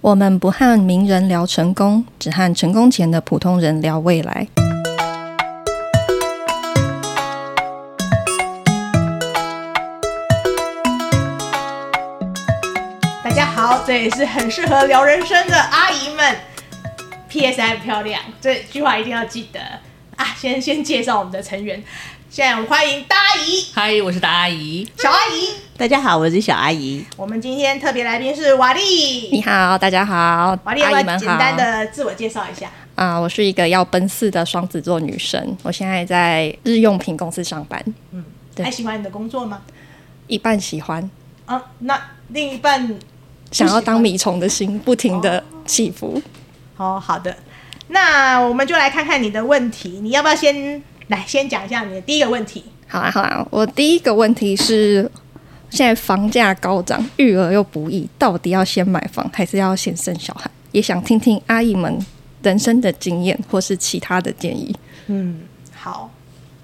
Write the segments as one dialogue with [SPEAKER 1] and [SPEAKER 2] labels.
[SPEAKER 1] 我們不和名人聊成功，只和成功前的普通人聊未來。
[SPEAKER 2] 大家好，這也是很適合聊人生的阿姨們。P.S. 很漂亮，這句話一定要記得啊！先先介紹我們的成員。現在我們歡迎大阿姨。嗨，我是大阿姨。小阿姨、嗯，
[SPEAKER 3] 大家好，我是小阿姨。
[SPEAKER 2] 我們今天特別來賓是瓦力。
[SPEAKER 1] 你好，大家好，瓦力，阿姨們好。要不要簡單的
[SPEAKER 2] 自我介紹一下？
[SPEAKER 1] 啊、呃，我是一個要奔四的雙子座女生，我現在在日用品公司上班。嗯，
[SPEAKER 2] 還對喜歡你的工作嗎？
[SPEAKER 1] 一半喜歡。
[SPEAKER 2] 啊，那另一半想要當
[SPEAKER 1] 米蟲的心不停的起伏
[SPEAKER 2] 哦。哦，好的。那我們就來看看你的問題，你要不要先？來，先講一下你的第一個問題。
[SPEAKER 1] 好啊，好啊，我第一個問題是：現在房價高漲，育兒又不易，到底要先買房還是要先生小孩？也想聽聽阿姨們人生的經驗，或是其他的建議。嗯，
[SPEAKER 2] 好，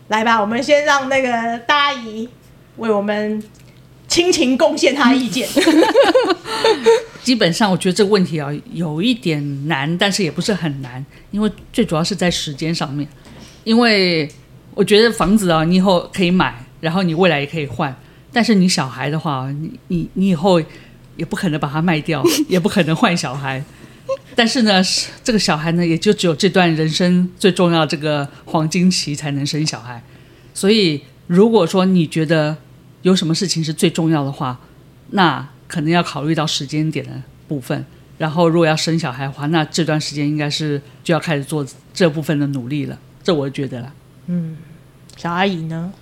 [SPEAKER 2] 來吧，我們先讓那個大阿姨為我們親情貢獻她意見。嗯、 基
[SPEAKER 4] 本上，我覺得這個問題啊，有一點難，但是也不是很難，因為最主要是在時間上面，因為。我覺得房子啊、哦，你以後可以買，然後你未來也可以換。但是你小孩的話，你你你以後也不可能把它賣掉， 也不可能換小孩。但是呢，這個小孩呢，也就只有這段人生最重要的這個黃金期才能生小孩。所以，如果說你覺得有什麼事情是最重要的話，那可能要考慮到時間點的部分。然後，如果要生小孩的話，那這段時間應該是就要開始做這部分的努力了。這我覺得了。
[SPEAKER 3] 嗯，小阿姨呢，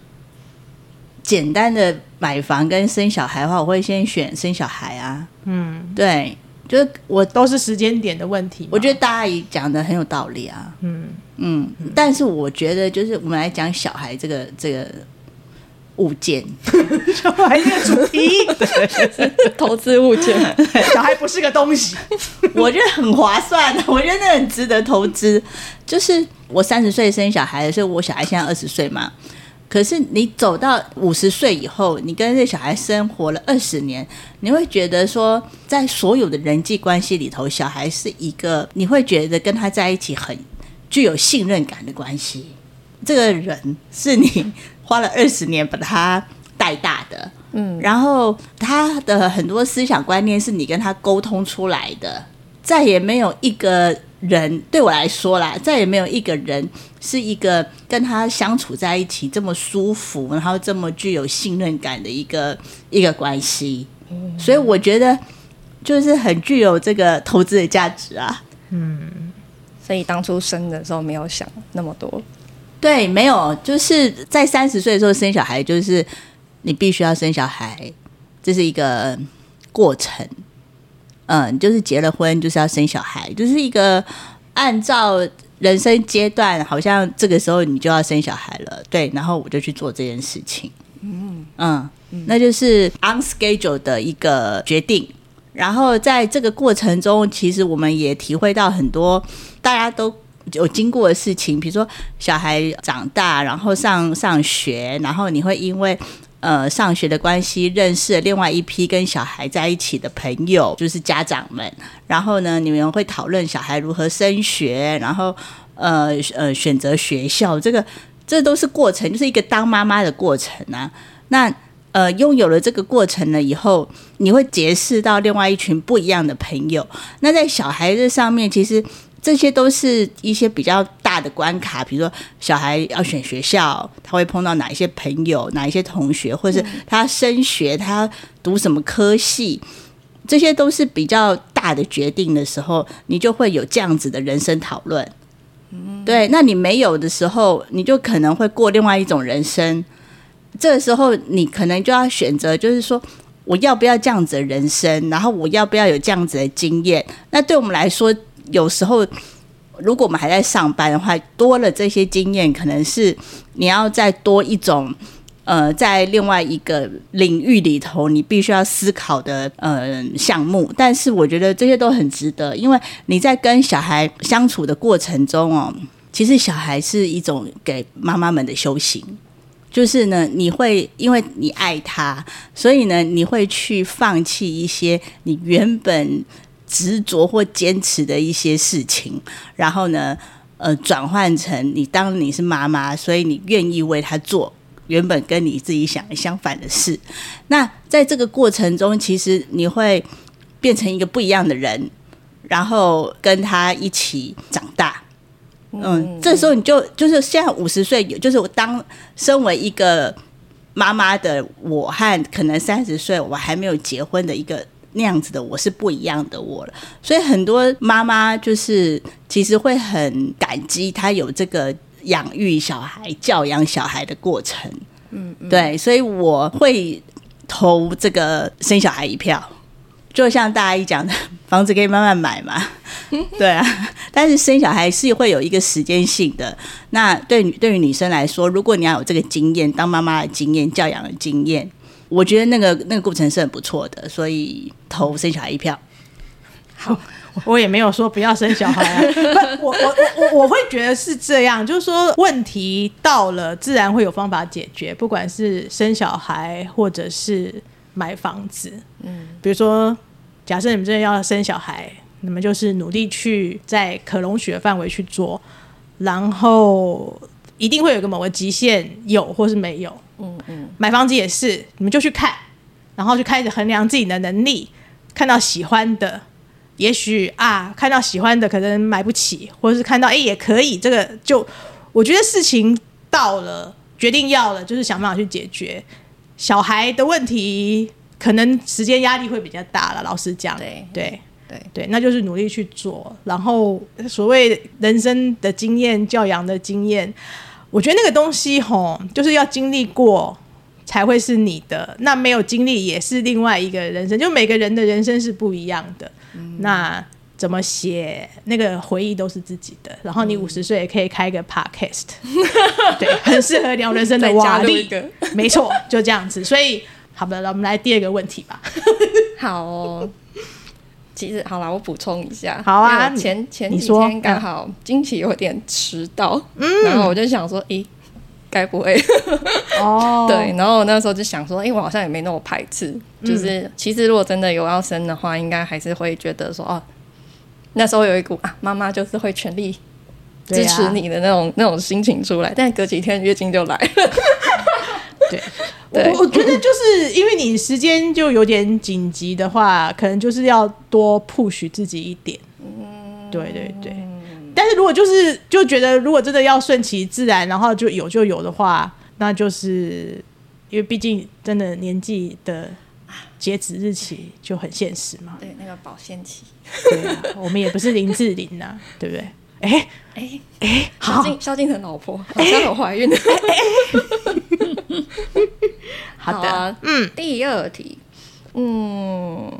[SPEAKER 3] 簡單的買房跟生小孩的話，我會先選生小孩啊。嗯，對，就是我都是時間點的問題。我覺得大阿姨講的很有道理啊。嗯嗯，嗯嗯，但是我覺得就是我們來講小孩這個這個物件，小孩這個主題，投資物件， 小孩不是個東西， 我覺得很划算，我覺得那很值得投資。就是我三十歲生小孩，所以我小孩現在二十歲嘛。可是你走到五十歲以後，你跟這小孩生活了二十年，你會覺得說，在所有的人際關係裡頭，小孩是一個你會覺得跟他在一起很具有信任感的關係。這個人是你花了二十年把他帶大的，嗯，然後他的很多思想觀念是你跟他溝通出來的，再也沒有一個。人對我來說啦，再也沒有一個人是一個跟他相處在一起這麼舒服，然後這麼具有信任感的一個一個關係。所以我覺得就是很具有這個投資的價值啊。嗯，所以當初生的時候沒有
[SPEAKER 1] 想那麼多。
[SPEAKER 3] 對，沒有，就是在三十歲的時候生小孩，就是你必須要生小孩，這是一個過程。嗯，就是結了婚就是要生小孩，就是一個按照人生階段，好像這個時候你就要生小孩了，對，然後我就去做這件事情。嗯嗯，那就是 on schedule 的一個決定。然後在這個過程中，其實我們也體會到很多大家都有經過的事情，比如說小孩長大，然後上上學，然後你會因為。呃，上學的關係認識了另外一批跟小孩在一起的朋友，就是家長們。然後呢，你們會討論小孩如何升學，然後呃呃，選擇學校，這個這都是過程，就是一個當媽媽的過程啊。那呃，擁有了這個過程了以後，你會結識到另外一群不一樣的朋友。那在小孩子上面，其實。這些都是一些比較大的關卡，比如說小孩要選學校，他會碰到哪一些朋友、哪一些同學，或是他升學，他讀什麼科系，這些都是比較大的決定的時候，你就會有這樣子的人生討論。對，那你沒有的時候，你就可能會過另外一種人生。這個時候，你可能就要選擇，就是說我要不要這樣子的人生，然後我要不要有這樣子的經驗。那對我們來說，有時候，如果我們還在上班的話，多了這些經驗，可能是你要再多一種，呃，在另外一個領域裡頭，你必須要思考的，呃，項目。但是我覺得這些都很值得，因為你在跟小孩相處的過程中哦，其實小孩是一種給媽媽們的修行。就是呢，你會因為你愛他，所以呢，你會去放棄一些你原本。執着或堅持的一些事情，然後呢，呃，轉換成你當你是媽媽，所以你願意為他做原本跟你自己想相反的事。那在這個過程中，其實你會變成一個不一樣的人，然後跟他一起長大。嗯，嗯，這時候你就就是像五十歲，就是我當身為一個媽媽的，我和可能三十歲我還沒有結婚的一個。那樣子的我是不一樣的我了，所以很多媽媽就是其實會很感激她有這個養育小孩、教養小孩的過程，嗯，嗯，對，所以我會投這個生小孩一票。就像大阿姨講的，房子可以慢慢買嘛，對啊，但是生小孩是會有一個時間性的。那對女對於女生來說，如果你要有這個經驗，當媽媽的經驗、教養的經驗。我覺得那個那個過程是很不錯的，所以投生小孩一票。好，我，我也沒有說不要生小孩啊。 我
[SPEAKER 2] 我我我會覺得是這樣，就是說問題到了，自然會有方法解決，不管是生小孩或者是買房子。嗯，比如說，假設你們真的要生小孩，你們就是努力去在可容許的範圍去做，然後。一定會有個某個極限，有或是沒有。嗯嗯，嗯買房子也是，你們就去看，然後就開始衡量自己的能力，看到喜歡的，也許啊，看到喜歡的可能買不起，或是看到哎、欸、也可以，這個就我覺得事情到了決定要了，就是想辦法去解決。小孩的問題可能時間壓力會比較大了，老實講，對。對對，那就是努力去做。然後，所謂人生的經驗、教養的經驗，我覺得那個東西吼就是要經歷過才會是你的。那沒有經歷也是另外一個人生，就每個人的人生是不一樣的。嗯、那怎麼寫那個回憶都是自己的。然後你五十歲也可以開一個 podcast，、嗯、對，很適合聊人生的壓力瓦力。 里的 沒錯，就這樣子。所以，好的，那我們來第二個問題吧。好、哦。
[SPEAKER 1] 其實好了，我補充一下。好啊，前說前幾天剛好經期有點遲到，嗯、然後我就想說，咦、欸，該不會？
[SPEAKER 4] 哦， 對，
[SPEAKER 1] 然後我那時候就想說，哎、欸，我好像也沒那麼排斥。就是、嗯、其實如果真的有要生的話，應該還是會覺得說，哦，那時候有一股啊，媽媽就是會全力支持你的那
[SPEAKER 2] 種、啊、那種心情出來。但隔幾天月經就來了。嗯 對，我我覺得就是因為你時間就有點緊急的話，可能就是要多 push 自己一點。嗯，對對對。但是如果就是就覺得如果真的要順其自然，然後就有就有的話，那就是因為畢竟真的年紀的截止日期就很現實嘛。
[SPEAKER 1] 對，那個保鮮期。對
[SPEAKER 2] 啊， 我們也不是林志玲吶、啊， 對不對？哎哎哎，蕭
[SPEAKER 1] 蕭敬騰老婆好像有懷孕。欸 好的，好啊、嗯，第二題，嗯，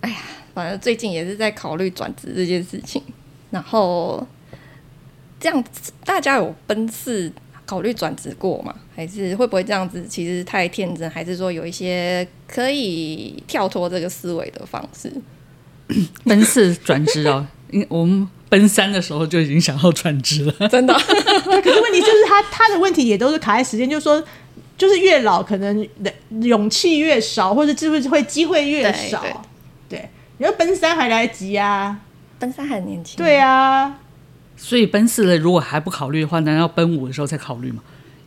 [SPEAKER 1] 哎呀，反正最近也是在考慮轉職這件事情，然後這樣子，大家有奔四考慮轉職過嗎？還是會不會這樣子？其實太天真，還是說有一些可以跳脫這個思維的方式，
[SPEAKER 4] 奔 四轉職啊， 因為我們。奔三的時候就已經想要轉職了，真
[SPEAKER 2] 的 對。可是問題就是他他的問題也都是卡在時間，就是說，就是越老可能的勇氣越少，或者是不是會機會越少？對，對，對，你說奔三還來得及呀，奔三還年輕啊。對啊，
[SPEAKER 4] 所以奔四了如果還不考慮的話，難道奔五的時候再考慮嗎？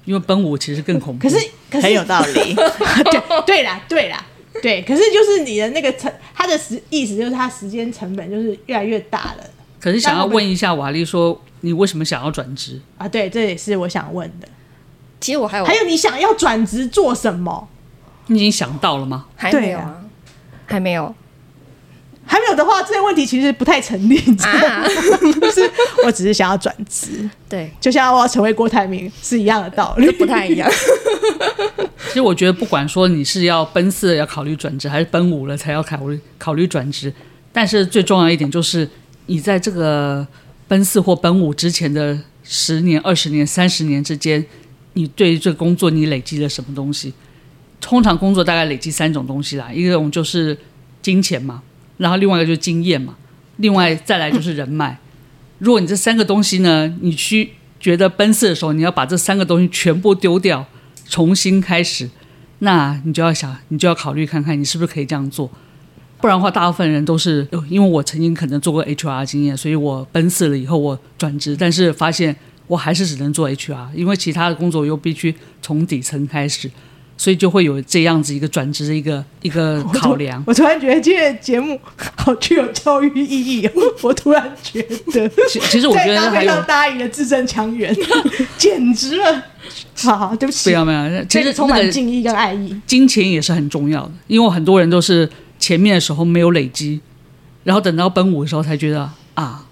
[SPEAKER 4] 因為奔五其實更恐怖。可是，可是很有道理， 對
[SPEAKER 2] 對啦對啦，對，啦對。可是就是你的那個成，他的時意思就是他時間成本就是越來越大了。可是想要問一
[SPEAKER 4] 下瓦力，說你為什麼想要轉職
[SPEAKER 2] 啊？對，這也是我想問的。其實我還有，還有你想要轉職做什麼？你已經想到了嗎？還沒有，還沒有，還沒有的話，這些問題其實不太成立啊。 就是，我只是想要轉職，對，就像我要成為郭台銘是一樣的道理，不太一樣。 其
[SPEAKER 4] 實我覺得，不管說你是要奔四要考慮轉職，還是奔五了才要考慮考慮轉職，但是最重要一點就是。你在這個奔四或奔五之前的十年、二十年、三十年之間，你對於這個工作你累積了什麼東西？通常工作大概累積三種東西啦，一種就是金錢嘛，然後另外一個就是經驗嘛，另外再來就是人脈。嗯。如果你這三個東西呢，你去覺得奔四的時候，你要把這三個東西全部丟掉，重新開始，那你就要想，你就要考慮看看，你是不是可以這樣做。不然的話，大部分人都是因為我曾經可能做過 HR 經驗，所以我奔四了以後我轉職，但是發現我還是只能做 HR，因為其他的工作又必須從底層開始，所以就會有這樣子一個轉職的一個一個考量。
[SPEAKER 2] 我。我突然覺得這個節目好具有教育意義，我突然覺得，其，其實我覺得非常非常答應的字正腔圓， 簡直了！好，好，對不起，沒有沒有，其實、那個、充滿敬意跟愛意，
[SPEAKER 4] 金錢也是很重要的，因為很多人都是。前面的時候沒有累積，然後等到奔五的時候才覺得啊，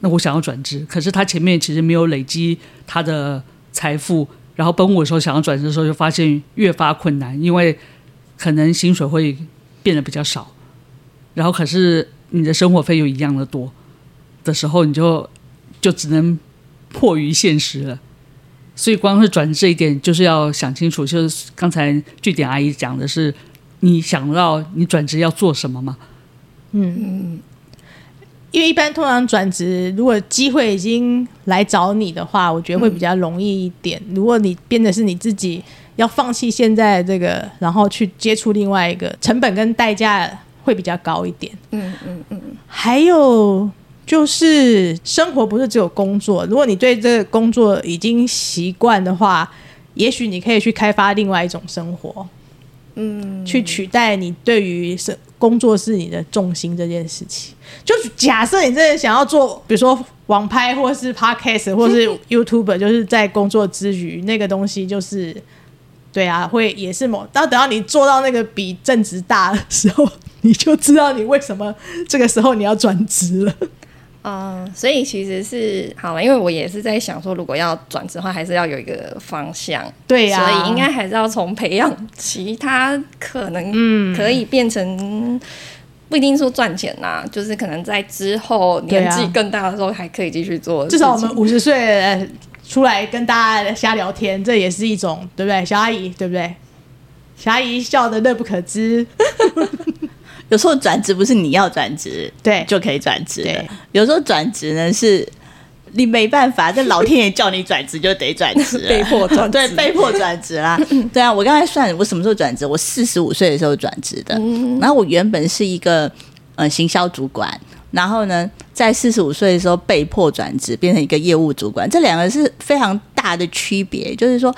[SPEAKER 4] 那我想要轉職，可是他前面其實沒有累積他的財富，然後奔五的時候想要轉職的時候就發現越發困難，因為可能薪水會變得比較少，然後可是你的生活費又一樣的多的時候，你就就只能迫於現實了。所以光是轉職這一點就是要想清楚，就是剛才句點阿姨講的是。你想到你轉職要做什麼嗎？嗯
[SPEAKER 2] 嗯，因為一般通常轉職，如果機會已經來找你的話，我覺得會比較容易一點。嗯、如果你變成是你自己，要放棄現在這個，然後去接觸另外一個，成本跟代價會比較高一點。嗯嗯嗯嗯。嗯嗯，還有就是生活不是只有工作，如果你對這個工作已經習慣的話，也許你可以去開發另外一種生活。嗯，去取代你對於是工作是你的重心這件事情，就是假設你真的想要做，比如說網拍或是 podcast 或是 YouTuber，就是在工作之餘、嗯、那個東西就是，對啊，會也是某，但等到你做到那個比正職大的時候，你就知道你為什麼這個時候你要轉職了。
[SPEAKER 1] 啊，uh, 所以其實是好了，因為我也是在想說，如果要轉職的話，還是要有一個方向。對呀、啊，所以應該還是要從培養其他可能，可以變成不一定說賺錢吶，嗯、
[SPEAKER 2] 就是可能在之後年紀更大的時候還可以繼續
[SPEAKER 1] 做、啊。至少我們
[SPEAKER 2] 五十歲出來跟大家瞎聊天，這也是一種，對不對？小阿姨，對不對？
[SPEAKER 3] 小阿姨笑得樂不可支。 有時候轉職不是你要轉職，對，就可以轉職。對有時候轉職呢，是你沒辦法，這老天爺叫你轉職就得轉職， 被迫轉職， 對，被迫轉職啦。 對啊，我剛才算我什麼時候轉職，我四十五歲的時候轉職的。然後我原本是一個、呃、行銷主管，然後呢，在四十五歲的時候被迫轉職，變成一個業務主管。這兩個是非常大的區別，就是說。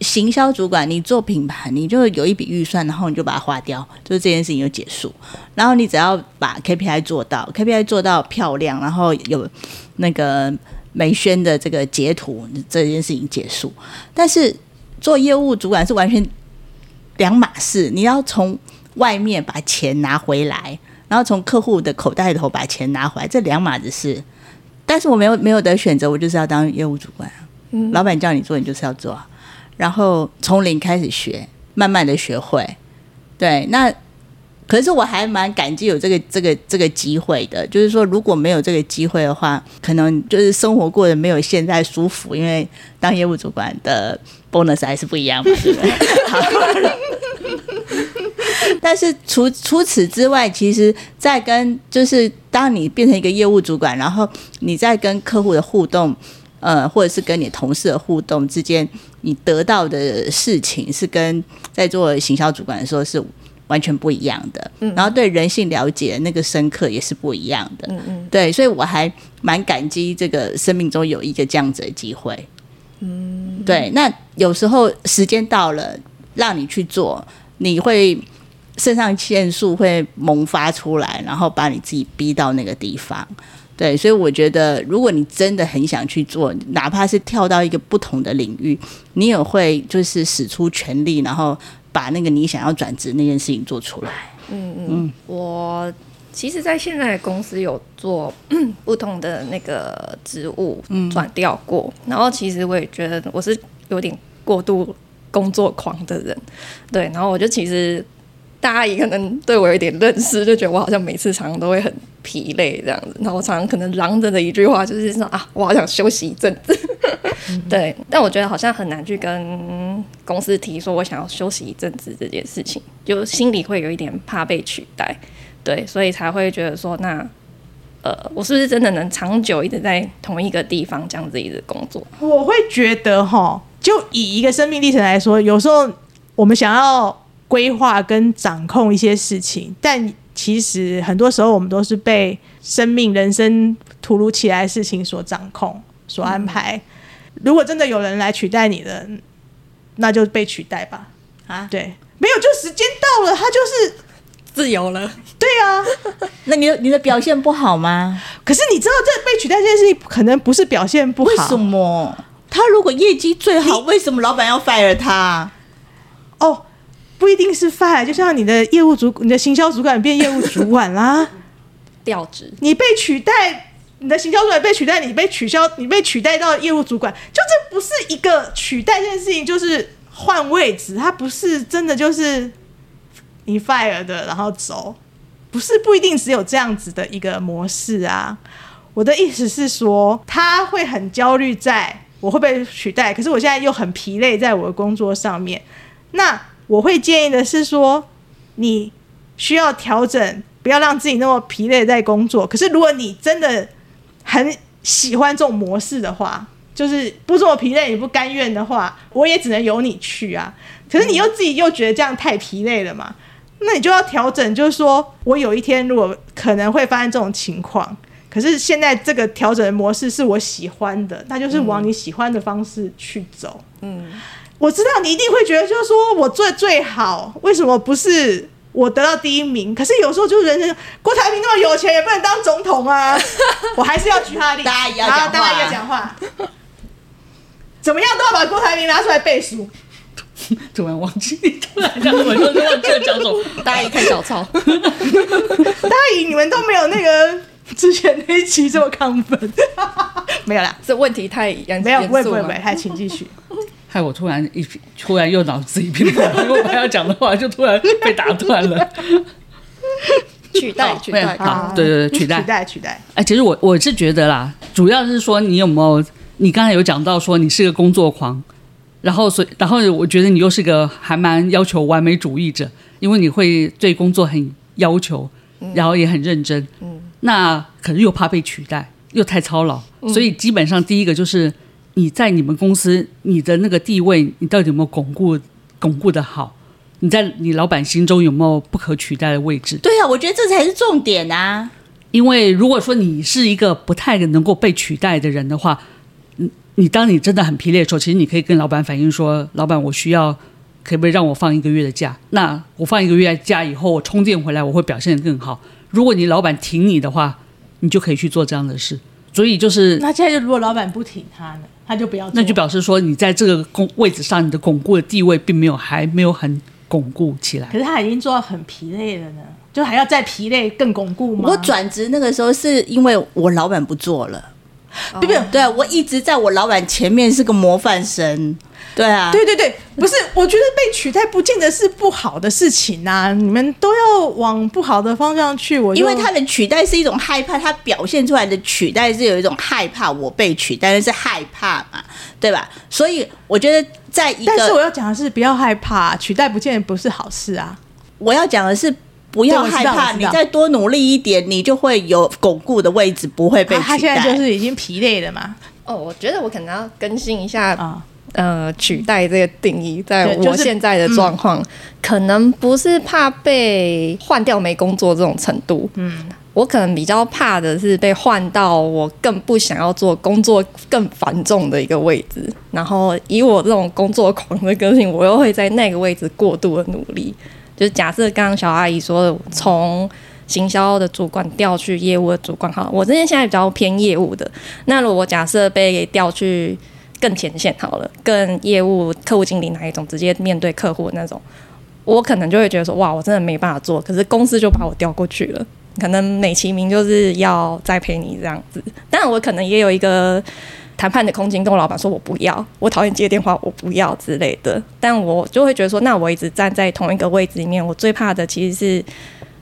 [SPEAKER 3] 行銷主管，你做品牌，你就有一筆預算，然後你就把它花掉，就是這件事情就結束。然後你只要把 KPI 做到，KPI 做到漂亮，然後有那個媒宣的這個截圖，這件事情結束。但是做業務主管是完全兩碼事，你要從外面把錢拿回來，然後從客戶的口袋裡頭把錢拿回來，這兩碼子事。但是我沒有沒有得選擇，我就是要當業務主管。嗯，老闆叫你做，你就是要做。然後從零開始學，慢慢的學會，對。那可是我還蠻感激有這個這個這個機會的，就是說如果沒有這個機會的話，可能就是生活過得沒有現在舒服，因為當業務主管的 bonus 還是不一樣的。但是除除此之外，其實在跟就是當你變成一個業務主管，然後你在跟客戶的互動。呃、嗯，或者是跟你同事的互動之間，你得到的事情是跟在做行銷主管的時候是完全不一樣的。嗯，然後對人性了解那個深刻也是不一樣的。嗯嗯，對，所以我還蠻感激這個生命中有一個這樣子的機會。嗯，嗯，對。那有時候時間到了，讓你去做，你會腎上腺素會萌發出來，然後把你自己逼到那個地方。對，所以我覺得，如果你真的很想去做，哪怕是跳到一個不同的領域，你也會就是使出全力，然後把那個你想要轉職那件事情做出來。嗯嗯，
[SPEAKER 1] 嗯，我其實，在現在公司有做不同的那個職務轉調過，嗯、然後其實我也覺得我是有點過度工作狂的人，對，然後我就其實。大家也可能對我有一點認識，就覺得我好像每次常常都會很疲累這樣子。那我常常可能嚷着的一句話就是說啊，我好想休息一陣子。呵呵，嗯哼。對，但我覺得好像很難去跟公司提說我想要休息一陣子這件事情，就心裡會有一點怕被取代。對，所以才會覺得說，那呃，我是不是真的能長久一直在同一個地方這樣子一直工作？
[SPEAKER 2] 我會覺得哈，就以一個生命歷程來說，有時候我們想要。規劃跟掌控一些事情，但其實很多時候我們都是被生命、人生突如其來的事情所掌控、所安排。嗯、如果真的有人來取代你的，那就被取代吧。啊，對，沒有就時間到了，他就是自由了。對啊， 那你你的
[SPEAKER 3] 表現不好嗎？可是你知道，這被取代這件事情，可能不是表現不好。為什麼？他如果業績最好，你為什麼老闆要 fire 他？不一定是 fire，就像
[SPEAKER 2] 你的業務主、你的行銷主管變業務主管啦、啊，調職 子，你被取代，你的行銷主管被取代，你被取消，你被取代到業務主管，就這不是一個取代這件事情，就是換位置，它不是真的就是你 fire 的，然後走，不是，不一定只有這樣子的一個模式啊。我的意思是說，他會很焦慮，在我會被取代？可是我現在又很疲累，在我的工作上面，那。我會建議的是說，你需要調整，不要讓自己那麼疲累在工作。可是如果你真的很喜歡這種模式的話，就是不這麼疲累你不甘願的話，我也只能由你去啊。可是你又自己又覺得這樣太疲累了嘛。嗯、那你就要調整，就是說我有一天如果可能會發生這種情況，可是現在這個調整的模式是我喜歡的，那就是往你喜歡的方式去走，嗯。嗯我知道你一定會覺得，就是說我做的最好，為什麼不是我得到第一名？可是有時候就是人生，郭台銘那麼有錢，也不能當總統啊！我還是要舉他的例子、 啊啊。大家也要講話。怎麼樣都要把郭台銘拿出來背書。 突然忘記，你突然想說，忘記講什麼。大家一看小抄。大姨，你們都沒有那
[SPEAKER 1] 個之前那一期這麼亢奮。 沒有啦，這問題太……沒有，
[SPEAKER 4] 未不不
[SPEAKER 2] 不，還請繼續。
[SPEAKER 4] 害我突然一，突然又腦子一片空白，如果我還要講 的話就突然被打斷了。
[SPEAKER 2] 取代，取代，對對對，取代，取代，
[SPEAKER 4] 取代。哎，其實我我是覺得啦，主要是說你有沒有，你剛才有講到說你是個工作狂，然後所以然後我覺得你又是個還蠻要求完美主義者，因為你會對工作很要求，然後也很認真，嗯、那可是又怕被取代，又太操勞，嗯、所以基本上第一個就是。你在你們公司，你的那個地位，你到底有沒有鞏固？鞏固的好？你在你老闆心中有沒有不可取代的位置？
[SPEAKER 3] 對啊，我覺得這才是重點啊！
[SPEAKER 4] 因為如果說你是一個不太能夠被取代的人的話，你當你真的很疲累的時候，其實你可以跟老闆反映說：“老闆，我需要，可不可以讓我放一個月的假？那我放一個月的假以後，我充電回來，我會表現得更好。如果你老闆挺你的話，你就可以去做這樣的事。”所以就是，那
[SPEAKER 2] 現在就如果老闆不挺他呢，他就不要做。那就
[SPEAKER 4] 表示說，你在這個工位置上，你的鞏固的地位並沒有，還沒有很鞏
[SPEAKER 3] 固起來。
[SPEAKER 2] 可是他已經做到很疲累了呢，就還要再疲累更鞏固嗎？我轉
[SPEAKER 3] 職那個時候是因為我老闆不做了，對不對？oh. 對，對，我一直在我老闆前面是個模範生。對啊，對對對，不是，我覺得被取代不見得是不好的事情吶、啊，你們都要往不好的方向去。我因為他的取代是一種害怕，他表現出來的取代是有一種害怕我被取代，但是害怕嘛，對吧？所以我覺得在一個，但是我要講的是不要害怕，取代不見得不是好事啊。我要講的是不要害怕，你再多努力一點，你就會有鞏固的位置，不會被取代。啊，他現在就是
[SPEAKER 2] 已經疲累了嘛。哦，我覺得我可能要
[SPEAKER 1] 更新一下啊。哦呃，取代這個定義，
[SPEAKER 3] 在我現在的狀
[SPEAKER 1] 況，就是嗯、可能不是怕被換掉沒工作這種程度。嗯，我可能比較怕的是被換到我更不想要做、工作更繁重的一個位置。然後，以我這種工作狂的個性，我又會在那個位置過度的努力。就是假設剛剛小阿姨說的，從行銷的主管調去業務的主管，哈，我之前現在比較偏業務的。那如果假設被調去，更前線好了，更業務客戶經理哪一種直接面對客戶那種，我可能就會覺得說，哇，我真的沒辦法做。可是公司就把我調過去了，可能美其名就是要栽培你這樣子。當然，我可能也有一個談判的空間，跟我老板說我不要，我討厭接電話，我不要之類的。但我就會覺得說，那我一直站在同一個位置裡面，我最怕的其實是。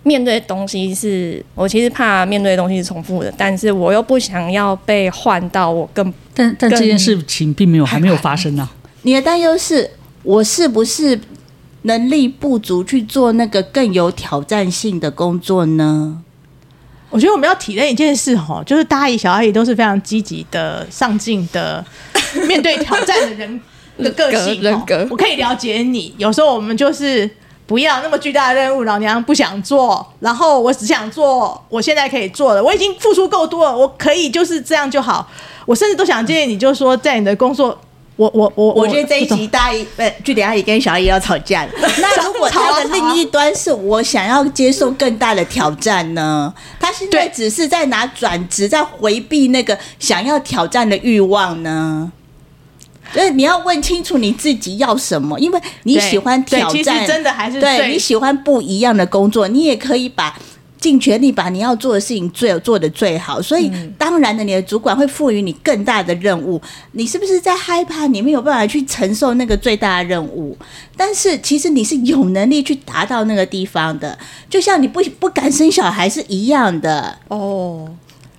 [SPEAKER 1] 面對的東西是我其實怕面對的東西是重複的，但是我又不想要被換到我更但但這件事
[SPEAKER 4] 情
[SPEAKER 3] 並沒有還沒有發生呢、啊。你的擔憂是，我是不是能力不足去做那個更有挑戰性的工作呢？我覺得我們要體諒一件事哈、哦，就是大阿姨、小阿姨都是非常積極的、上進的、
[SPEAKER 2] 面對挑戰的人的個性、哦。 個人格，我可以了解你。有時候我們就是。不要那麼巨大的任務，老娘不想做。然後我只想做我現在可以做的，我已經付出夠多了，我可以就是這樣就好。我甚至都想建議你，就是說在你的工
[SPEAKER 3] 作，我我我，我，我覺得這一集大姨呃，句不 點阿姨跟小阿姨要吵架了。 那如果她的另一端是我想要接受更大的挑戰呢？ 他現在只是在拿轉職，在回避那個想要挑戰的欲望呢？所以你要問清楚你自己要什麼，因為你喜歡挑戰，其實真的還是對你喜歡不一樣的工作，你也可以把盡全力把你要做的事情最做的最好。所以、嗯、當然了，你的主管會賦予你更大的任務。你是不是在害怕你沒有辦法去承受那個最大的任務？但是其實你是有能力去達到那個地方的，就像你不不敢生小孩是一樣的哦。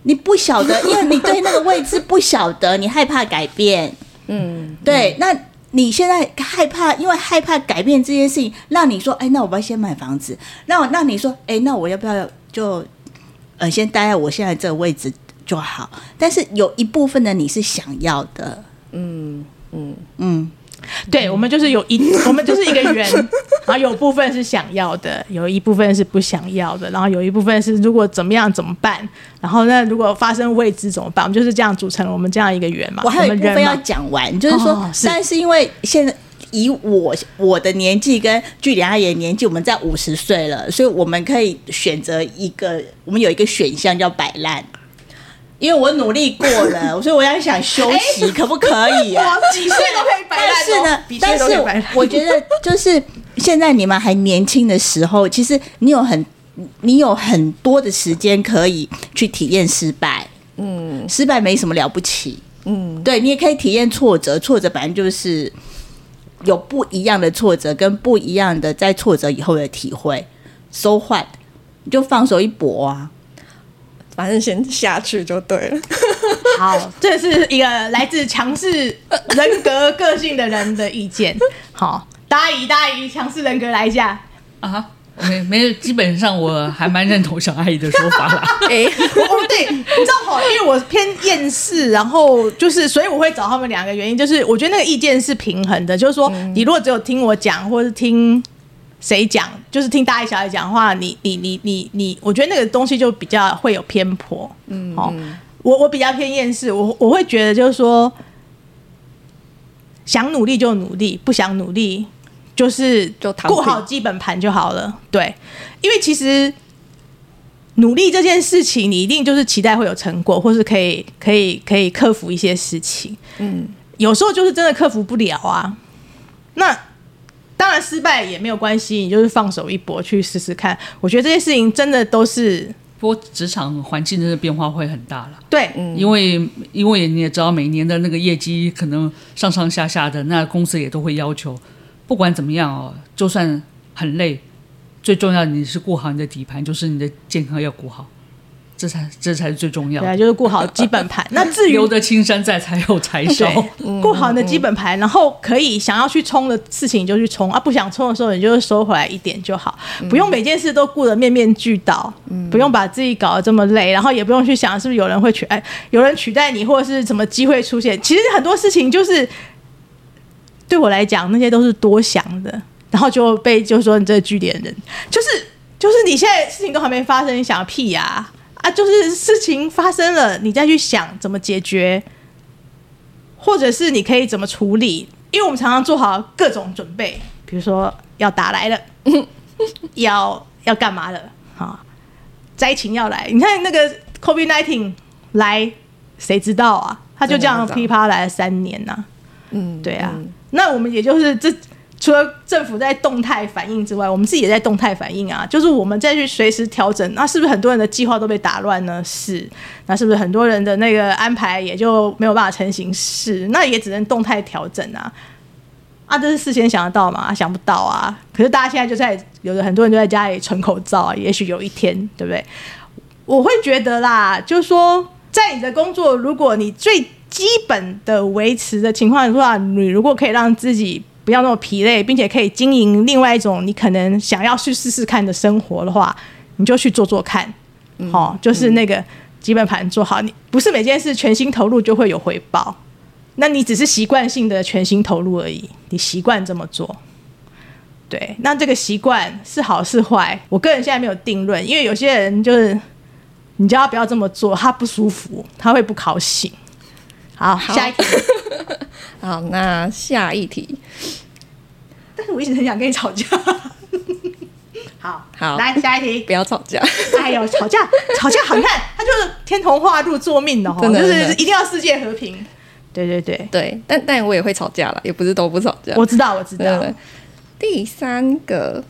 [SPEAKER 3] 你不曉得，因為你對那個位置不曉得， 你害怕改變。嗯，嗯對，那你現在害怕，因為害怕改變這件事情，那你說，哎、欸，那我不要先買房子？那那你說，哎、欸，那我要不要就呃先待在我現在這個位置就好？但是有一部分的你是想要的，嗯嗯嗯。嗯嗯對，我們就是有一， 我們就是一個圓，然後有部
[SPEAKER 2] 分是想要的，有一部分是不想要的，然後有一部分是如果怎麼樣怎麼辦？然後那如果發生未知怎麼辦？我們就是這樣組成了我們這樣一個圓嘛。我還有一部分要講
[SPEAKER 3] 完，就、哦、是說，但是因為現在以我我的年紀跟據李阿姨的年紀，我們在五十歲了，所以我們可以選擇一個，我們有一個選項叫擺爛。因為我努力過了， 所以我要想休息，欸、可不可以啊？啊幾歲都可以擺爛，但是呢，但是我覺得就是現在你們還年輕的時候，其實你有很你有很多的時間可以去體驗失敗，嗯，失敗沒什麼了不起，嗯，對你也可以體驗挫折，挫折反正就是有不一樣的挫折，跟不一樣的在挫折以後的體會收穫，so、what，你就放手一搏啊。反正先下去就對了。 好，這是一個來自強勢
[SPEAKER 2] 人格個性的人的意見。 好，大阿姨，大阿姨，強勢人格來一下。
[SPEAKER 4] 啊，沒，沒有，基本上我還蠻認同小阿姨的說法啦。哎
[SPEAKER 2] 欸，哦對，你知道因為我偏厭世，然後就是，所以我會找他們兩個原因，就是我覺得那個意見是平衡的，就是說你如果只有聽我講，或是聽。誰講？就是聽大姨、小姨講話，你、你、你、你、你，我覺得那個東西就比較會有偏頗。嗯。嗯，哦，我我比較偏厭世，我我會覺得就是說，想努力就努力，不想努力就是過好基本盤就好了。對，因為其實努力這件事情，你一定就是期待會有成果，或是可以可以可以克服一些事情。嗯，有時候就是真的克服不了啊。那。當然失敗也沒有關係，你就是放手一搏去試試看。我覺得這些事情真的都是，不過職場環
[SPEAKER 4] 境真的變化會很大了。對，因為、嗯、因為你也知道，每年的那個業績可能上上下下的，那公司也都會要求，不管怎麼樣哦，就算很累，最重要的是你是顧好你的底盤，就是你的健康要顧好。這才這才是最重要的，對、啊，就是顧好基本盤。 那至於留得青山在，才有柴燒。
[SPEAKER 2] 顧好你的基本盤，然後可以想要去衝的事情你就去衝 啊，不想衝的時候你就收回來一點就好，嗯、不用每件事都顧得面面俱到，嗯、不用把自己搞得這麼累，然後也不用去想是不是有人會取，哎，有人取代你或者是什麼機會出現。其實很多事情就是對我來講，那些都是多想的，然後就被就說你這句點人，就是就是你現在事情都還沒發生，你想要屁呀、啊？啊，就是事情發生了，你再去想怎麼解決，或者是你可以怎麼處理，因為我們常常做好各種準備，比如說要打來了， 要要幹嘛了，哈，災情要來，你看那個 COVID-19 來，誰知道啊？他就這樣噼啪啪來了三年呢，啊。嗯，對啊，嗯，那我們也就是這。除了政府在動態反應之外，我們自己也在動態反應啊，就是我們再去隨時調整。那、啊、是不是很多人的計劃都被打亂呢？是，那、啊、是不是很多人的那個安排也就沒有辦法成型？是，那也只能動態調整啊。啊，這是事先想得到嗎？想不到啊。可是大家現在就在有的很多人就在家裡存口罩啊。也許有一天，對不對？我會覺得啦，就是說，在你的工作，如果你最基本的維持的情況的話，你如果可以讓自己。不要那麼疲累，並且可以經營另外一種你可能想要去試試看的生活的話，你就去做做看。哦，嗯、就是那個基本盤做好。你、嗯、不是每件事全心投入就會有回報，那你只是習慣性的全心投入而已。你習慣這麼做，對。那這個習慣是好是壞，我個人現在沒有定論，因為有些人就是你叫他不要這麼做，他不舒服，他會不高興。好，下一個。好，那下一題。但是我一直很想跟你吵架。 好，好，來下一題，不要吵架。 哎呦，吵架，吵架好看，他就是天同化入作命的、哦，吼、就是，就是一定要世界和平。對對對對，但
[SPEAKER 1] 但我也會吵架啦，也不是都不吵架。我知道，我知道。對對對。第三個，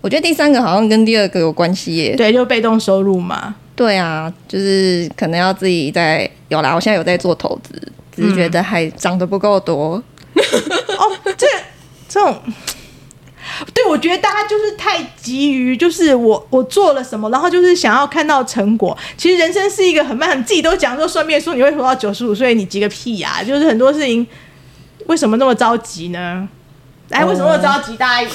[SPEAKER 1] 我覺得第三個好像跟第二個有關係耶。對，就被動收入嘛。對啊，就是可能要自己在有啦，我現在有在做投資。只是覺得還長
[SPEAKER 2] 得不夠多、嗯、 哦，這個、這種，對，我覺得大家就是太急於，就是我我做了什麼，然後就是想要看到成果。其實人生是一個很慢，你自己都講說，算命說你會活到九十五歲？你急個屁呀、啊！就是很多事情，為什麼那麼着急呢？哎、欸，為什麼這麼着急，大意、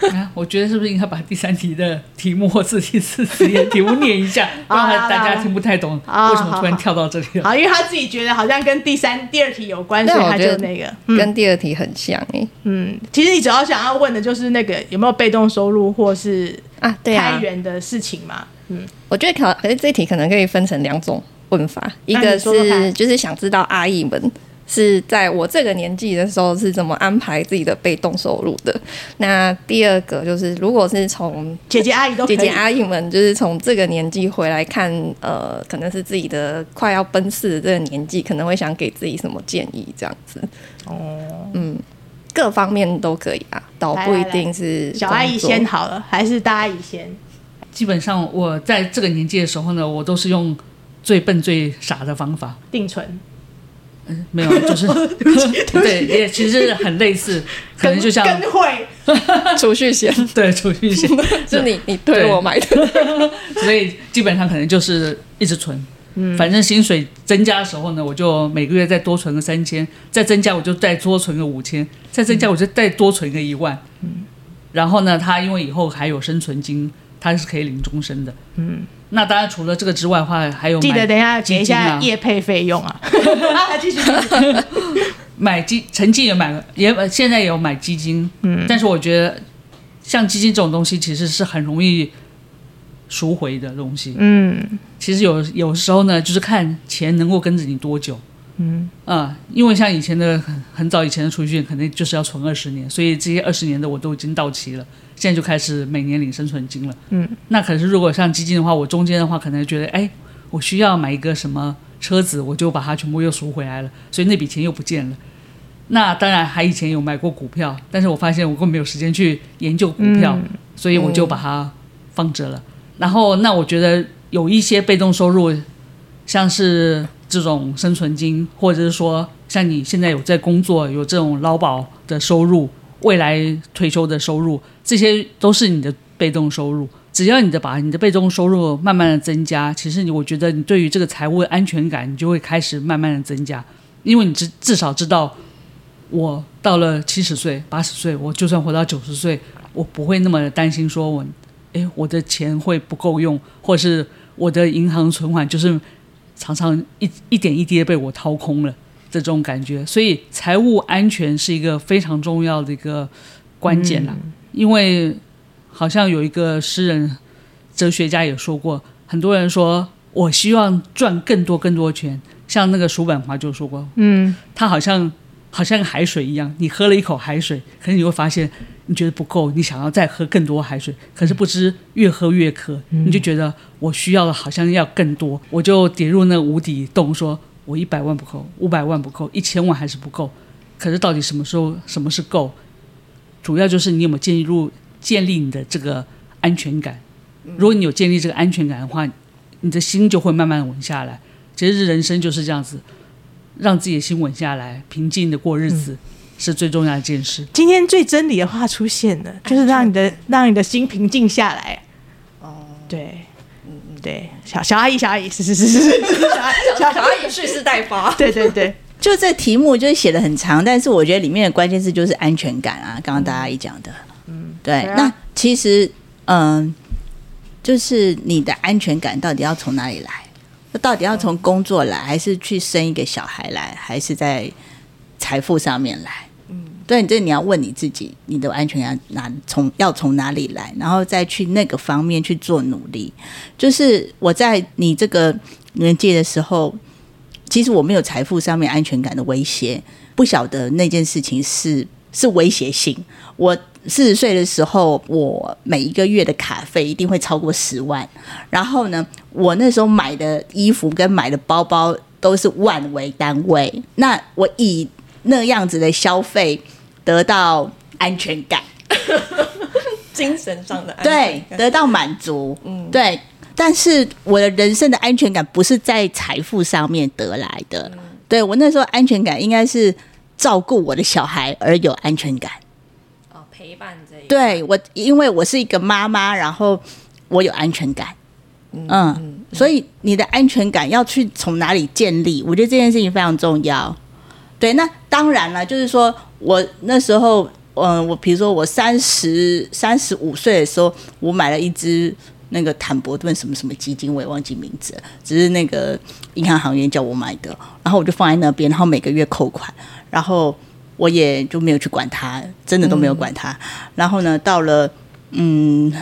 [SPEAKER 4] oh, 啊。我覺得是不是應該把第三題的題目或是第四題的題目念一下， 不然大家聽不太懂為什麼突然跳到這裡了 oh,
[SPEAKER 1] oh, oh,
[SPEAKER 2] oh. 好，因為他自己覺得好像跟第三、第二題有關，所以他就那個覺得跟
[SPEAKER 1] 第二題很像嗯，嗯，
[SPEAKER 2] 其實你主要想要問的就是那個有沒有被動收入或是啊，開源的事情嘛、啊啊。
[SPEAKER 1] 嗯，我覺得可，可是這題可能可以分成兩種問法，啊、說說一個是就是想知道阿姨們。是在我這個年紀的時候是怎麼安排自己的被動收入的？那第二個就是，如果是從姐姐阿姨都姐姐阿姨們，就是從這個年紀回來看，呃，可能是自己的快要奔四的這個年紀，可能會想給自己什麼建議
[SPEAKER 4] 這樣子。哦、嗯，嗯，各方面都可以啊，倒
[SPEAKER 1] 不一定是來
[SPEAKER 2] 來來，小阿姨先好了，還是大阿姨先？
[SPEAKER 4] 基本上我在這個年紀的時候呢，我都是用最笨最傻的方法定存。嗯，沒有，就是 對、對、對、對，也其實很類似，可能就像跟會 儲蓄險，對儲蓄險，是， 是你你對我買的， 所以基本上可能就是一直存，嗯，反正薪水增加的時候呢，我就每個月再多存個三千，再增加我就再多存個五千，再增加我就再多存個一萬，嗯，然後呢，他因為以後還有生存金，他是可以領終身的，嗯。那當然，除了這個之外的話，還有、啊、記得等一下要結一下業
[SPEAKER 2] 配費用啊， 啊繼續,
[SPEAKER 4] 繼續,繼續買基，曾經也買了，也現在也有買基金，嗯，但是我覺得像基金這種東西，其實是很容易贖回的東西，嗯，其實有有時候呢，就是看錢能夠跟着你多久，嗯啊、嗯，因為像以前的很很早以前的儲蓄，可能就是要存二十年，所以這些二十年的我都已經到期了。現在就開始每年領生存金了。嗯，那可是如果像基金的話，我中間的話可能覺得，哎，我需要買一個什麼車子，我就把它全部又贖回來了，所以那筆錢又不見了。那當然還以前有買過股票，但是我發現我根本沒有時間去研究股票，嗯、所以我就把它放着了。嗯、然後，那我覺得有一些被動收入，像是這種生存金，或者是說像你現在有在工作，有這種勞保的收入。未來退休的收入，這些都是你的被動收入。只要你的把你的被動收入慢慢的增加，其實你我覺得你對於這個財務的安全感，你就會開始慢慢的增加，因為你至至少知道，我到了七十歲、八十歲，我就算活到九十歲，我不會那麼的擔心說我，我哎我的錢會不夠用，或是我的銀行存款就是常常一一點一滴的被我掏空了。這種感覺，所以財務安全是一個非常重要的一個關鍵啦。嗯、因為好像有一個詩人、哲學家也說過，很多人說我希望賺更多、更多錢。像那個叔本華就說過，嗯，他好像好像海水一樣，你喝了一口海水，可是你會發現你覺得不夠，你想要再喝更多海水，可是不知越喝越渴，嗯、你就覺得我需要的好像要更多，嗯、我就跌入那個無底洞，說。我一百萬不夠，五百萬不夠，一千萬還是不夠。可是到底什麼時候，什麼是夠？主要就是你有沒有建立入建立你的這個安全感。如果你有建立這個安全感的話，你的心就會慢慢穩下來。其實人生就是這樣子，讓自己的心穩下來，平靜的過日子，嗯、是最重要的一件事。
[SPEAKER 2] 今天最真理的話出現了，就是讓你的全讓你的心平靜下來。嗯、對。對，小小阿姨，
[SPEAKER 3] 小阿姨是是是是
[SPEAKER 2] 是
[SPEAKER 1] 小阿小阿姨蓄勢待發。對對
[SPEAKER 3] 對，就這題目就是寫的很長，但是我覺得裡面的關鍵字就是安全感啊，剛剛大阿姨講的，嗯，對。對啊。那其實，嗯，就是你的安全感到底要從哪裡來？那到底要從工作來，還是去生一個小孩來，還是在財富上面來？對，這你要問你自己，你的安全感哪從要從哪裡來？然後再去那個方面去做努力。就是我在你這個年紀的時候，其實我沒有財富上面安全感的威脅，不曉得那件事情是是威脅性。我四十歲的時候，我每一個月的卡費一定會超過十萬，然後呢，我那時候買的衣服跟買的包包都是萬為單位，那我以那樣子的消費。得到安全感，
[SPEAKER 1] 精神上的安全感 對，得到
[SPEAKER 3] 滿足，嗯，對。但是我的人生的安全感不是在財富上面得來的，嗯、對我那時候安全感應該是照顧我的小孩而有安全感。哦，陪伴着對我，因為我是一個媽媽，然後我有安全感。嗯，嗯所以你的安全感要去從哪裡建立？我覺得這件事情非常重要。對，那當然了，就是說我那時候，嗯、呃，我比如說我三十三十五歲的時候，我買了一支那個坦伯頓什麼什麼基金，我也忘記名字了，只是那個銀行行員叫我買的，然後我就放在那邊，然後每個月扣款，然後我也就沒有去管它，真的都沒有管它。嗯、然後呢，到了嗯，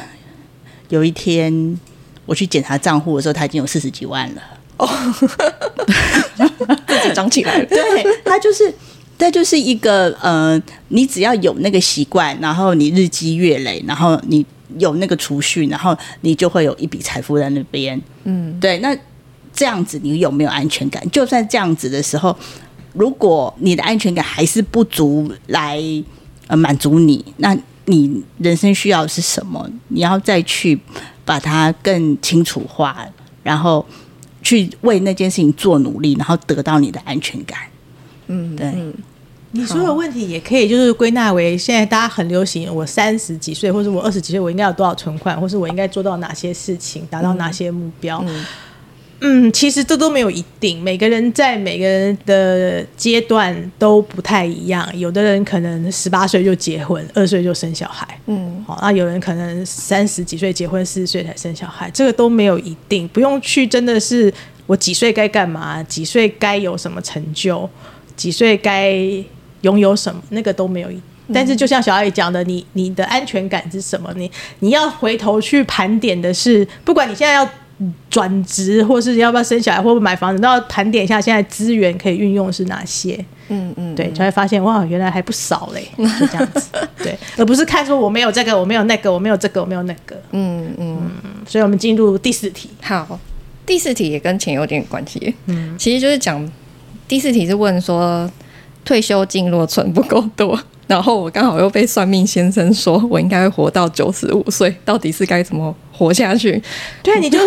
[SPEAKER 3] 有一天我去檢查賬戶的時候，它已經有四十幾萬了。哦 自己長起來，對他 就是，這就是一個呃，你只要有那個習慣，然後你日積月累，然後你有那個儲蓄，然後你就會有一筆財富在那邊。嗯，對，那這樣子你有沒有安全感？就算這樣子的時候，如果你的安全感還是不足來呃滿足你，那你人生需要是什麼？你要再去把它更清楚化，然後。去為那件事情做努力，然後得到你的安全感。嗯，
[SPEAKER 2] 對、嗯。你所有的問題也可以就是歸納為現在大家很流行我，我三十幾歲或是我二十幾歲，我應該有多少存款，或是我應該做到哪些事情，達到哪些目標？嗯嗯嗯，其實這都沒有一定，每個人在每個人的階段都不太一樣。有的人可能十八歲就結婚，二十歲就生小孩，嗯，好、啊，那有人可能三十幾歲結婚，四十歲才生小孩，這個都沒有一定，不用去真的是我幾歲該幹嘛，幾歲該有什麼成就，幾歲該擁有什麼，那個都沒有一定。嗯、但是就像小阿姨講的，你你的安全感是什麼？你你要回頭去盤點的是，不管你現在要。轉職，或是要不要生小孩，或者買房子，都要盤點一下現在資源可以運用是哪些。嗯嗯，嗯對，才會發現哇，原來還不少嘞，是這樣子。 對，而不是看說我沒有這個，我沒有那個，我沒有這個，我沒有那個。嗯嗯，嗯，所以我們進入第四題。好，第四
[SPEAKER 1] 題也跟錢有點有關係。嗯，其實就是講第四題是問說，退休金若存不夠多。然後我剛好又被算命先生說我應該活到九十五歲，到底是該怎麼活下去？對，你就是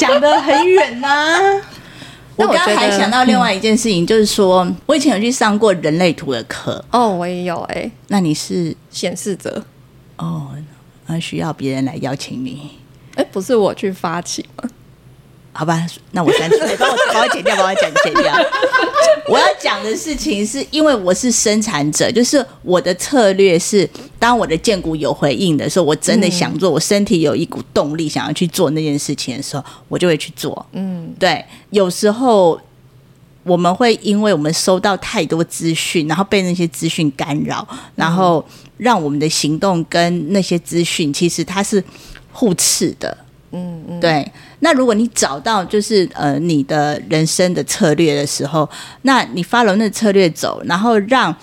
[SPEAKER 1] 想得很遠吶、啊。
[SPEAKER 3] 我剛剛還想到另外一件事情， 就是說我以前有去上過人類圖的課
[SPEAKER 1] 哦，我也有哎、
[SPEAKER 3] 欸。那你是顯示者哦，那需要別人來邀請你、欸？不是我去發起嗎？好吧，那我先說，你幫我把我剪掉，把我剪剪掉。我要講的事情是因為我是生產者，就是我的策略是，當我的薦骨有回應的時候，我真的想做，我身體有一股動力想要去做那件事情的時候，我就會去做。嗯，對。有時候我們會因為我們收到太多資訊，然後被那些資訊干擾，然後讓我們的行動跟那些資訊其實它是互斥的。嗯
[SPEAKER 1] 嗯，對。
[SPEAKER 3] 那如果你找到就是呃你的人生的策略的時候，那你 follow 那策略走，然後讓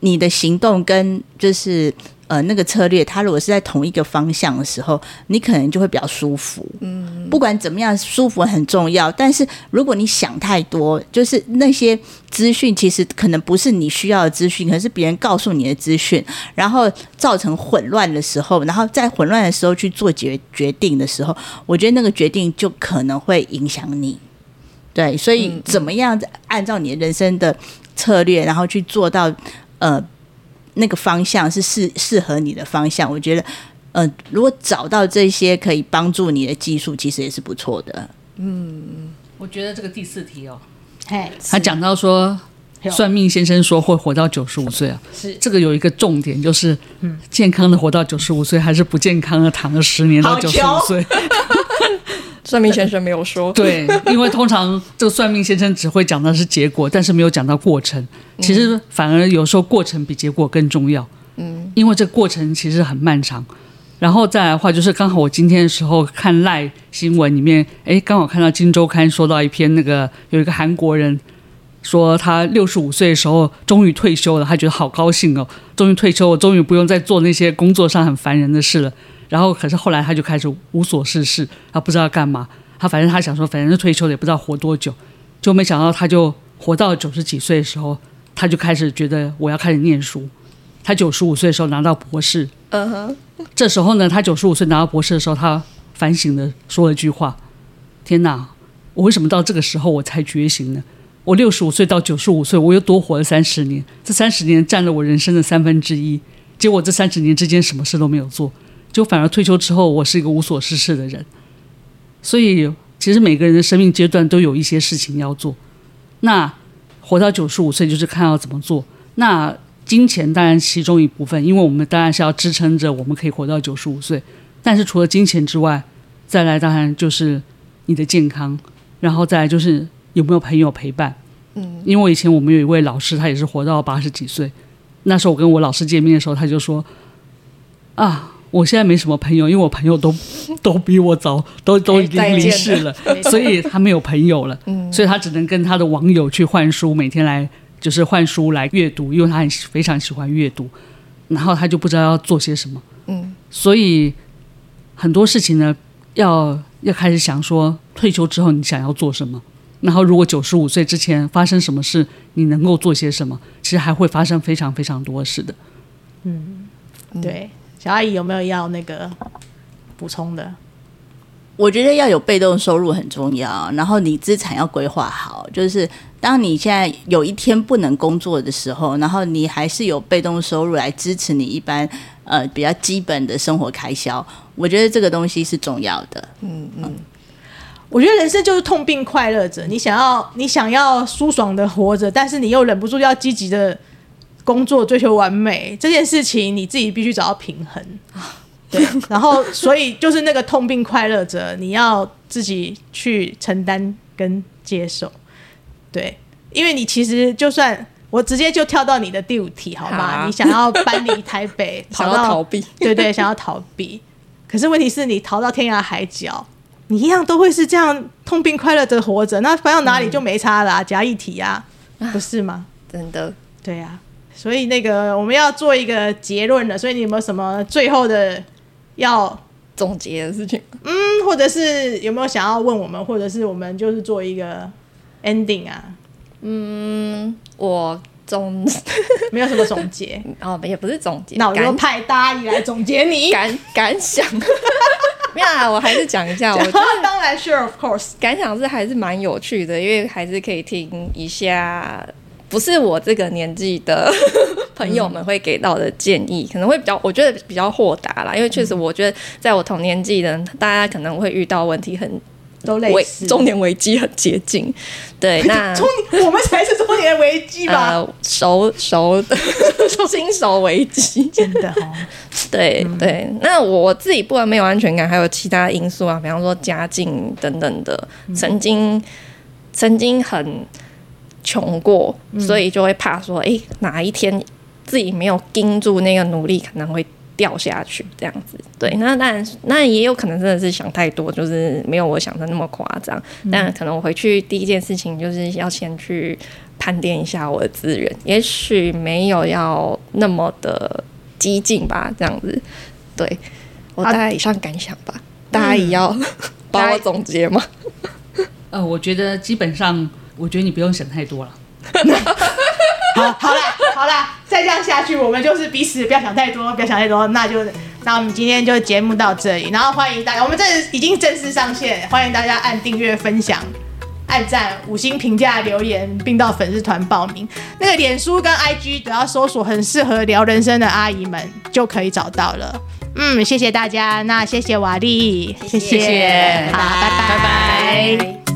[SPEAKER 3] 你的行動跟就是。呃，那個策略，它如果是在同一個方向的時候，你可能就會比較舒服。嗯。不管怎麼樣，舒服很重要。但是，如果你想太多，就是那些資訊其實可能不是你需要的資訊，可是別人告訴你的資訊，然後造成混亂的時候，然後在混亂的時候去做決決定的時候，我覺得那個決定就可能會影響你。對，所以怎麼樣按照你的人生的策略，然後去做到呃。那個方向是適適合你的方向，我覺得，嗯、呃，如果找到這些可以幫助你的技術，其實也是不錯的。
[SPEAKER 4] 嗯，我覺得這個第四題哦，
[SPEAKER 3] 哎，Hey, 他講到說，啊、算命先生
[SPEAKER 4] 說會活到九十五歲啊，是這個有一個重點，就是健康的活到九十五歲，嗯、還是不健康的躺了十年到九十五歲。求
[SPEAKER 1] 算命先生沒有說， 對，
[SPEAKER 4] 因為通常這個算命先生只會講的是結果，但是沒有講到過程。其實反而有時候過程比結果更重要，嗯，因為這個過程其實很漫長。然後再來的話，就是剛好我今天的時候看 Line 新聞裡面，誒、欸，剛好看到《今周刊》說到一篇那個有一個韓國人說他六十五歲的時候終於退休了，他覺得好高興哦，終於退休，我終於不用再做那些工作上很煩人的事了。然後，可是後來他就開始無所事事，他不知道幹嘛。他反正他想說，反正退休也不知道活多久，就沒想到他就活到九十幾歲的時候，他就開始覺得我要開始念書。他九十五歲的時候拿到博士，嗯
[SPEAKER 3] 哼、uh-huh。這
[SPEAKER 4] 時候呢，他九十五歲拿到博士的時候，他反省的說了一句話：“天哪，我為什麼到這個時候我才覺醒呢？我六十五歲到九十五歲，我又多活了三十年，這三十年占了我人生的三分之一，結果這三十年之間什麼事都沒有做。”就反而退休之後，我是一個無所事事的人，所以其實每個人的生命階段都有一些事情要做。那活到九十五歲，就是看要怎麼做。那金錢當然其中一部分，因為我們當然是要支撐着我們可以活到九十五歲。但是除了金錢之外，再來當然就是你的健康，然後再來就是有沒有朋友陪伴。嗯，因為我以前我們有一位老師，他也是活到八十幾歲。那時候我跟我老師見面的時候，他就說：“啊。”我現在沒什麼朋友，因為我朋友都都比我早，都都已經離世了，哎、所以他沒有朋友了， 嗯、所以他只能跟他的網友去換書，每天來就是換書來閱讀，因為他很非常喜歡閱讀，然後他就不知道要做些什麼，嗯、所以很多事情呢，要要開始想說退休之後你想要做什麼，然後如果九十五歲之前發生什麼事，你能夠做些什麼，其實還會發生非常非常多事的，嗯，
[SPEAKER 3] 對。小阿姨有沒有要那個補充的？我覺得要有被動收入很重要，然後你資產要規劃好，就是當你現在有一天不能工作的時候，然後你還是有被動收入來支持你一般呃比較基本的生活開銷，我覺得這個東西是重要的。嗯嗯，嗯嗯，我覺得人生就是
[SPEAKER 2] 痛並快樂着，你想要你想要舒爽的活着，但是你又忍不住要積極的。工作追求完美這件事情，你自己必須找到平衡。對，然後所以就是那個痛並快樂着，你要自己去承擔跟接受。對，因為你其實就算我直接就跳到你的第五題，好吧？哈你想要搬離台北，想要逃避逃，對對，想要逃避。 可是問題是你逃到天涯海角，你一樣都會是這樣痛並快樂着活着。那搬到哪裡就沒差了，啊，假、嗯、議題呀，啊，不是嗎？啊、真的，對呀、啊。所以那個我們要做一個結論了，所以你有沒有什麼最後的要總結的事情？嗯，或者是有沒有想要問我們，或者是我們就是做一個 ending 啊？嗯，我總
[SPEAKER 1] 沒有什麼總結 哦，也不是總結。腦流派
[SPEAKER 2] 大意來總結敢你感
[SPEAKER 1] 感想？沒有啊，我還是講一下。 我覺得當然 sure of course，感想是還是蠻有趣的，因為還是可以聽一下。不是我這個年紀的朋友們會給到的建議，嗯、可能會比較，我覺得比較豁達啦。嗯、因為確實，我覺得在我同年紀的人，大家可能會遇到問題很，很都類似中年危機，很接近。對，那我們才是中年危機吧？呃、熟熟新手危機， 真
[SPEAKER 2] 的
[SPEAKER 1] 對、哦、對，對嗯、那我自己不管沒有安全感，還有其他因素啊，比方說家境等等的，曾經曾經很。窮過，所以就會怕說，哎、欸，哪一天自己沒有盯住那個努力，可能會掉下去，這樣子。對，那當然，那也有可能真的是想太多，就是沒有我想的那麼誇張。嗯、但可能我回去第一件事情就是要先去盤點一下我的資源，也許沒有要那麼的激進吧，這樣子。對我大概以上感想吧，啊、大家也要
[SPEAKER 4] 幫我、嗯、總結嗎？呃，我覺得基本上。我覺得你不用想太多了。
[SPEAKER 2] 好，好啦，好啦，再這樣下去，我們就是彼此不要想太多，不要想太多，那就那我們今天就節目到這裡。然後歡迎大家，我們這已經正式上線，歡迎大家按訂閱、分享、按讚、五星評價、留言，并到粉絲团報名。那個臉書跟 IG 只要搜索“很適合聊人生的阿姨們”就可以找到了。嗯，謝謝大家，那謝謝瓦力，謝謝，謝謝好，拜拜，拜拜。拜拜